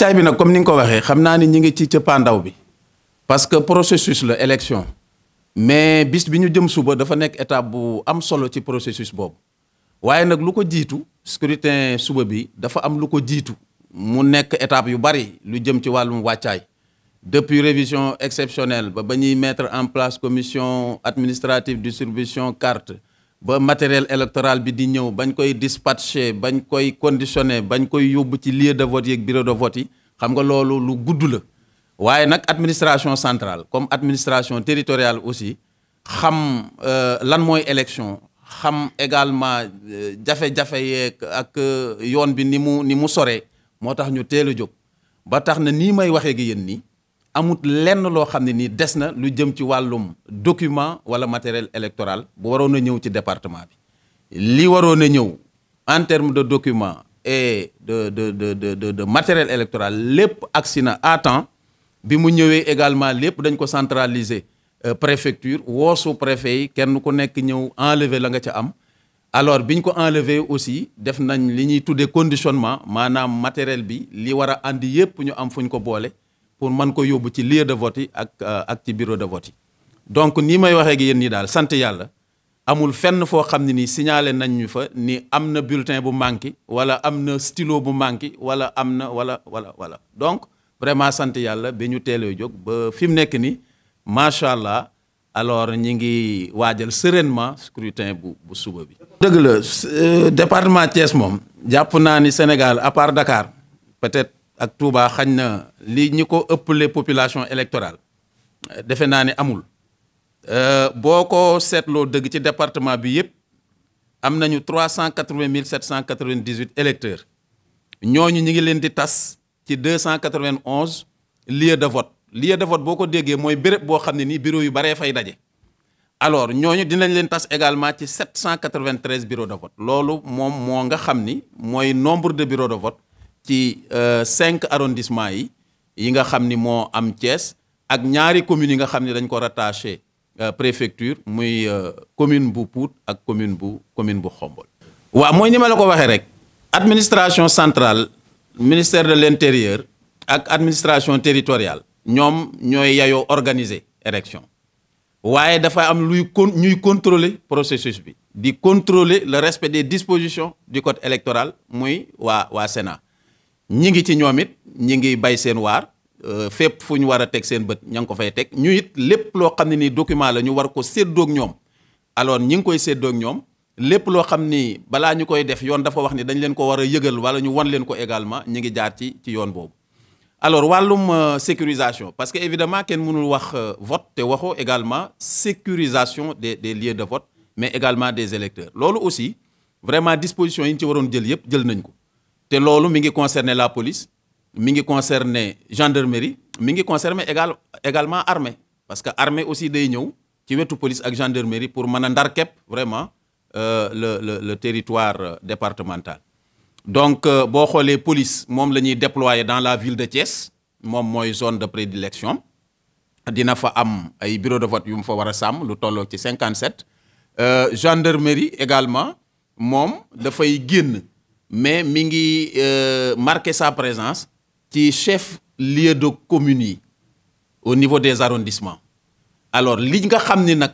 wàccaay bi nag comme ni nga ko waxee xam naa ni ñi ngi ci cëppaandaw bi parce que processus la élection mais bis bi ñu jëm suba dafa nekk étape bu am solo ci processus boobu waaye nag lu ko jiitu scrutin suba bi dafa am lu ko jiitu mu nekk étape yu bari lu jëm ci wàllum wàccaay depuis révision exceptionnelle ba ba ñuy mettre en place commission administrative distribution carte ba matériel électoral bi di ñëw bañ koy dispatché bañ koy conditionné bañ koy yóbbu ci lieu de vote yeeg bureau de vote yi xam nga loolu lu gudd la waaye nag administration centrale comme administration territoriale aussi xam euh, lan mooy élection xam également euh, jafe-jafe yeeg ak euh, yoon bi ni mu ni mu soree moo tax ñu teel a jóg ba tax na nii may waxee gi yéen nii amut lenn loo xam ne nii des na lu jëm ci wàllum document wala matériel électoral bu waroon a ñëw ci département bi li waroon ñëw en terme de document et de de de de de, de matériel électoral lépp agsi na à temps bi mu ñëwee également lépp dañ ko centraliser euh, préfecture woosu sous préfet yi kenn ku nekk ñëw enlever la nga ca am alors biñ ko enlever aussi def nañ li ñuy tuddee conditionnement maanaam matériel bi li war a andi yépp ñu am fu ñu ko boole pour mën ko yóbbu ci lieu de vote yi ak euh, ak ci bureau de vote yi donc nii may waxee ak yéen ñi daal sant yàlla. amul fenn foo xam ne nii signalé nañ ñu fa ni am na bulletin bu manqué wala am na stylo bu manqué wala am na wala wala wala donc vraiment sant yàlla bi ñu teelee jóg ba fi mu nekk nii macha allah alors ñi ngi waajal sereinement scrutin bu bu suba bi. dëgg la euh, département Thiès moom jàpp naa ni Sénégal à part Dakar peut-être ak Touba xañ na li ñi ko ëppale population électorale defe naa ni amul. Euh, boo ko seetloo dëgg ci département bi yëpp am nañu trois cent quatre vingt mille sept cent quatre vingt dix huit électeurs ñooñu ñu ngi leen di tas ci deux cent quatre vingt onze lieu de vote lieu de vote boo ko déggee mooy béréb boo xam ne nii bureau yu baree fay daje. alors ñooñu dinañ leen tas également ci sept cent quatre vingt treize bureau de vote loolu moom moo nga xam ni mooy nombre de bureau de vote ci euh, cinq arrondissement yi yi nga xam ni moo am Thiès ak ñaari communes yi nga xam ni dañ ko rattaché. Euh, préfecture muy euh, commune bu Pout ak commune bu commune bu Xombol. waa mooy ni ma la ko waxee rek administration centrale ministère de l'intérieur ak administration territoriale ñoom ñooy yayoo organiser élection waaye dafa am luy con ñuy contrôler processus bi di contrôler le respect des dispositions du code électoral muy waa waa Sénat ñi ngi ci ñoom it ñi ngi bay seen waar Euh, fépp fu ñu war a teg seen bët ña ngi ko fay teg ñu it lépp loo xam ne ni document la ñu war ko séddoog ñoom alors ñi ngi koy séddoog ñoom lépp loo xam ni balaa ñu koy def yoon dafa wax ni dañ leen ko war a yëgal wala ñu wan leen ko également ñi ngi jaar ci ci yoon boobu alors wàllum euh, sécurisation parce que évidemment kenn mënul wax euh, vote te waxoo également sécurisation des des lieux de vote mais également des électeurs loolu aussi vraiment disposition yi ñu ci waroon jël yëpp jël nañ ko loolu mi ngi concerner la police mi ngi concerné gendarmerie mi ngi concerné égal également armée parce que armée aussi day ñëw ci wetu police ak gendarmerie pour mën a ndar képp vraiment euh, le le le territoire euh, départemental. donc euh, boo xoolee police moom la ñuy déployer dans la ville de Thiès moom mooy zone de prédilection dina fa am ay bureau de vote yu mu fa war a sàmm lu tolloo ci 57 gendarmerie également moom dafay génn mais mi ngi marquer sa présence. ci chef lieu de commune yi au niveau des arrondissements alors li nga xam ni nag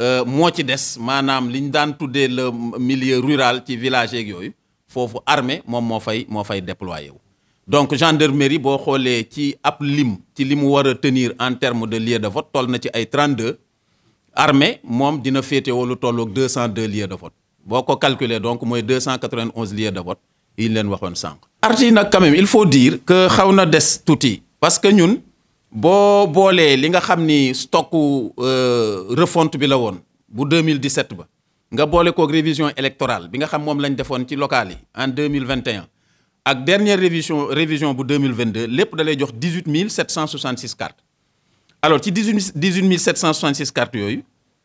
euh, moo ci des maanaam li liñ daan tuddee le millier rural ci village yeeg yooyu foofu armée moom moo fay moo fay déployé wu. donc gendarmerie boo xoolee ci ab lim ci li mu war a tenir en terme de lieu de vote toll na ci ay 32 armée moom dina féetewoo lu tolloog 202 lieux de vote boo ko calculer donc mooy 291 lieux de vote yi ñu leen waxoon sànq. art yi nag quand il faut dire que xaw na des tuuti parce que ñun boo boolee li nga xam ni stocku euh, refonte bi la woon bu 2017 ba nga boole kook révision électorale bi nga xam moom lañ defoon ci locales yi en 2021 ak dernière révision révision bu 2022 lépp da lay jox 18 766 cartes alors ci 18 18 766 cartes yooyu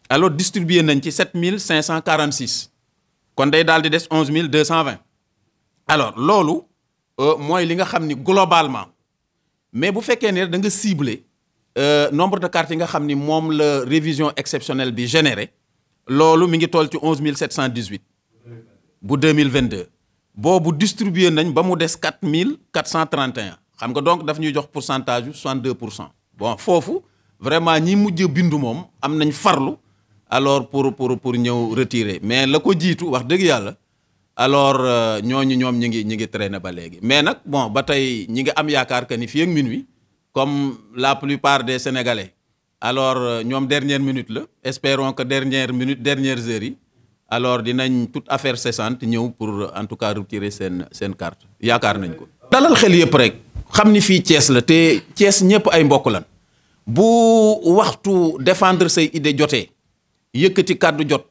alors distribué nañ ci 7 546 kon day daal di des 11 220 alors loolu Euh, mooy li nga xam ni globalement mais bu fekkee ne da nga ciblé euh, nombre de cartes yi nga xam ni moom la révision exceptionnelle bi généré loolu mi ngi tool ci onze mille sept cent dix huit bu deux mille vingt deux boobu distribué nañ ba mu des quatre mille quatre cent trente xam nga donc daf ñuy jox pourcentage yu soixante deux pour cent bon foofu vraiment ñi mujj bindu moom am nañ farlu alors pour pour pour ñëw retirer mais la ko jiitu wax dëgg yàlla. alors euh, ñooñu ñoom ñi ngi ñi ngi traîner ba léegi mais nag bon ba tey ñi ngi am yaakaar que ni fii ak minuit comme la plupart des sénégalais alors euh, ñoom dernière minute la espérons que dernière minute dernières heures yi alors dinañ toute affaire cessante ñëw pour en tout cas retirer seen seen carte yaakaar nañ ko. dalal xel yëpp rek xam ni fii cees la te Thiès ñëpp ay mbokk lan bu waxtu défendre say idée jotee yëkkati kàddu jot.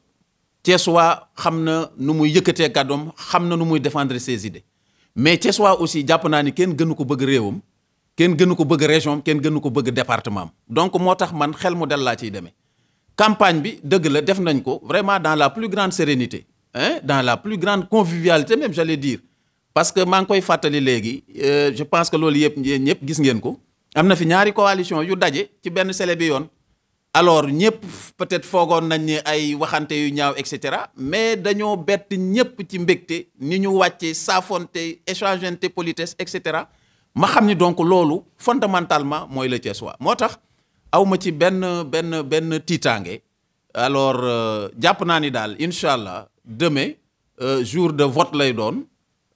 Thiessois xam na nu muy yëkkatee kàddoom xam na nu muy défendre ses idées mais Thiessois aussi jàpp naa ni kenn gënu ko bëgg réewam kenn gënu ko bëgg région am kenn gënu ko bëgg département donc moo tax man xel mu dal laa ciy demee campagne bi dëgg la def nañ ko vraiment dans la plus grande sérénité hein dans la plus grande convivialité même j'allais dire parce que maa ngi koy fàttali léegi euh, je pense que loolu yëpp ñëpp gis ngeen ko am na fi ñaari coalition yu daje ci benn sele bi yoon alors ñëpp peut-être foogoon nañu ne ay waxante yu ñaaw et cetera mais dañoo bett ñëpp ci mbégte ni ñu wàccee saafonte échangeante polites et cetera ma xam ni donc loolu fondamentalement mooy la Thiès waa moo tax awma ci benn benn benn tiitaange alors euh, jàpp naa ni daal incha allah demain euh, jour de vote lay doon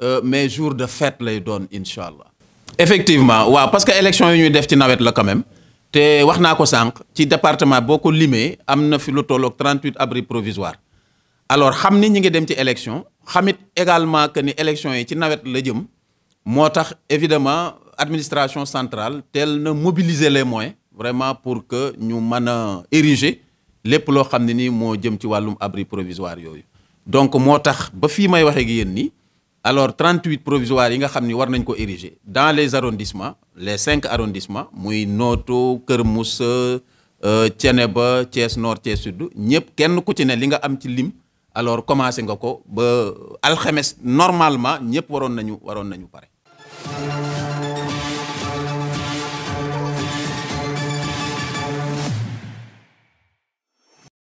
euh, mais jour de fête lay doon incha allah. effectivement waaw ouais, parce que élection yu ñuy def ci nawet la quand te wax naa ko sànq ci département boo ko limee am na fi lu tolloog 38 abris provisoires alors xam ni ñi ngi dem ci élection xamit également que ni élection yi ci nawet la jëm moo tax évidemment administration centrale tel na mobiliser les moyens vraiment pour que ñu mën a ériger lépp loo xam ne nii moo jëm ci wàllum abri provisoire yooyu donc moo tax ba fii may waxee ak nii alors 38 provisoires yi nga xam ni war nañ ko ériger dans les arrondissements les cinq arrondissements muy Nooto Kër Moussa euh, Thiénaba Thiès Nord Thiès Sud ñëpp kenn ku ci ne li nga am ci lim alors commencé nga ko ba alxames normalement ñëpp waroon nañu waroon nañu pare.